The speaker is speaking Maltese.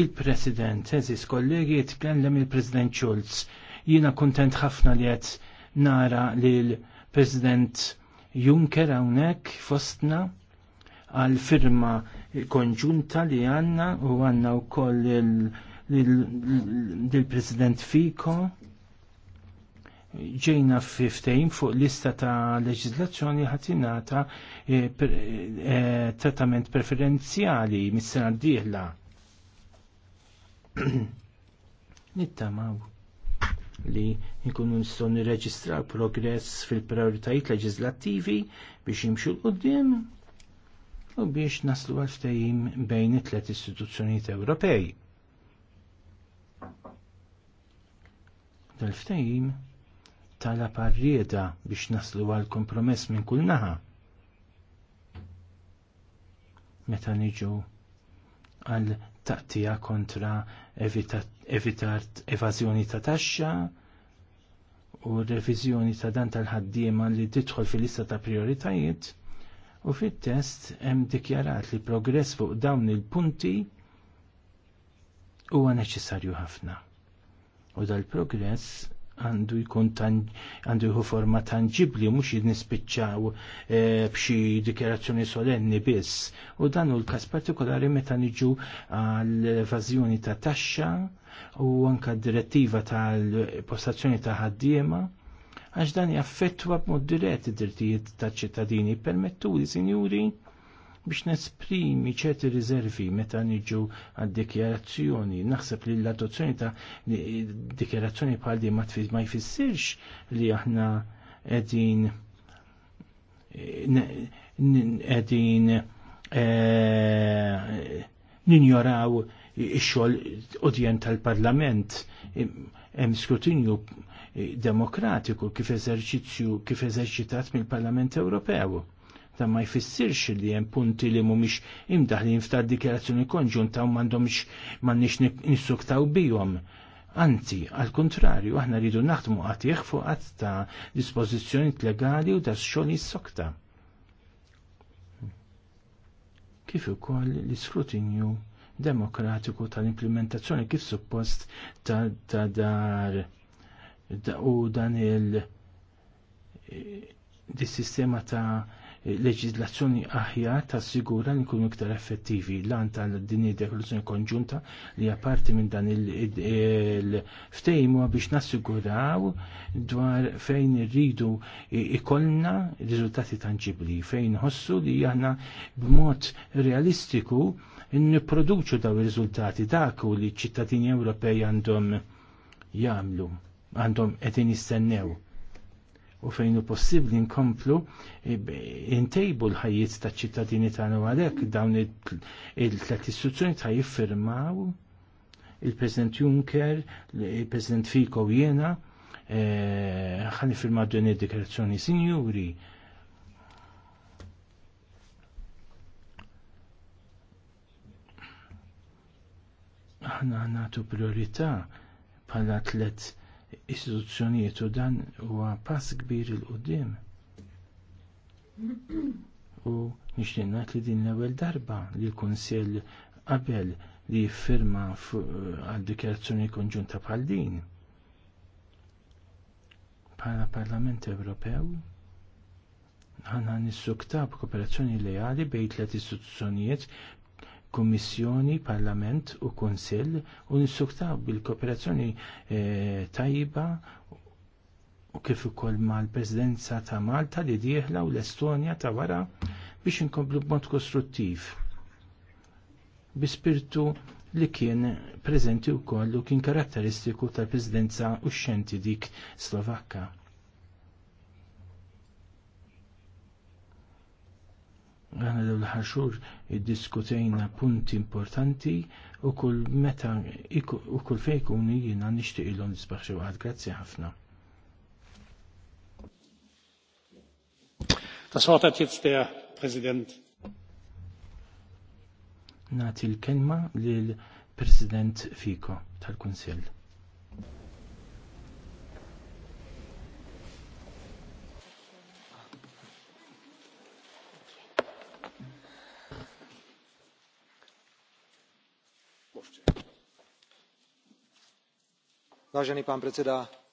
Il-President, eżis kollegi, jitkellem il-President Schulz. Jina kontent ħafna li għet nara li l-President Juncker hawnhekk fostna għal firma konġunta li għanna u għanna u koll il-President Fico ġejna fiftejn fuq lista ta' leġizlazzjoni ħatinata eh, eh, trattament preferenzjali mis-sena d-dieħla. Nittamaw li nkunu nistgħu nirreġistraw progress fil-prioritajiet leġislattivi biex jimxu l-qudiem u biex naslu għal ftehim bejn it tlet istituzzjonijiet Ewropej. Dal-ftehim tala parrieda biex naslu għal kompromess minn kull naħa. Meta niġu għal taqtija kontra evitart evażjoni ta' taxxa u reviżjoni ta' dan tal-ħaddiema li tidħol fil-lista ta' prioritajiet u fit-test hemm dikjarat li progress fuq dawn il-punti huwa neċessarju ħafna. U dal-progress għandu jkun għandu jħu forma tangibli mhux nispiċċaw e, b'xi dikjerazzjoni solenni biss. U dan hu l-każ partikolari meta niġu għall evażjoni ta' taxxa u anka direttiva tal-postazzjoni ta' ħaddiema għax dan jaffettwa b'mod dirett id-drittijiet taċ ċittadini. Permettu li, sinjuri, biex nesprimi ċerti riservi meta niġu għad-dikjarazzjoni. Naħseb li l-adozzjoni ta' dikjarazzjoni bħal di ma jfissirx li aħna edin edin eh, ninjoraw ix-xogħol udjen tal-Parlament hemm skrutinju demokratiku kif eżerċizzju kif eżerċitat mill-Parlament Ewropew ta' ma jfissirx li hemm punti li mhumiex imdaħlin f'ta' dikjarazzjoni konġunta u m'għandhomx m'għandniex nissuktaw bihom. Anzi, għal kontrarju, aħna rridu naħdmu għatieħ fuq għat ta' dispożizzjonijiet legali u ta' xogħol sokta. Kif ukoll l-iskrutinju demokratiku tal-implementazzjoni kif suppost ta', ta dar da u dan il eh, sistema ta' leġizlazzjoni aħjar ta' sigura li nkunu iktar effettivi lan tal din id-deklarazzjoni konġunta li apparti minn dan il-ftejmu biex nassiguraw dwar fejn irridu ikollna riżultati tangibli, fejn ħossu li aħna b'mod realistiku nipproduċu daw ir-riżultati dak u li ċittadini Ewropej għandhom jagħmlu għandhom qegħdin jistennew u fejn hu possibbli nkomplu intejbu l-ħajjiet taċ ċittadini tagħna u għalhekk dawn il-tlet istituzzjoni ta' jiffirmaw il-President Juncker, il-President Fico u jena, e, ħan jiffirmaw din id-dikarazzjoni sinjuri. Ħana nagħtu priorità bħala tlet istituzzjonijiet u dan huwa pass kbir il qudiem U nixtieq ngħid li din l-ewwel darba li l-Kunsill qabel li jiffirma eh, għal dikjarazzjoni konġunta bħal din. Bħala Parlament Ewropew nissu ktab kooperazzjoni lejali bejn tliet istituzzjonijiet Kummissjoni, Parlament u Kunsill u nsuktaw bil-kooperazzjoni eh, tajba u kif ukoll mal-Presidenza ta' Malta li dieħla u l-Estonja ta' wara biex inkomplu b'mod kostruttiv. Bi spirtu li kien preżenti wkoll u kien karatteristiku tal-Presidenza u xenti dik Slovakka. għana l-ħaxur diskutejna punti importanti u kull meta u kull fejkun jina nishtiq il-lon nisbaxi għad. Grazzi ħafna. Das Wort hat jetzt der Präsident. Nati l-kelma lil President Fico tal-Kunsill. vážený pán predseda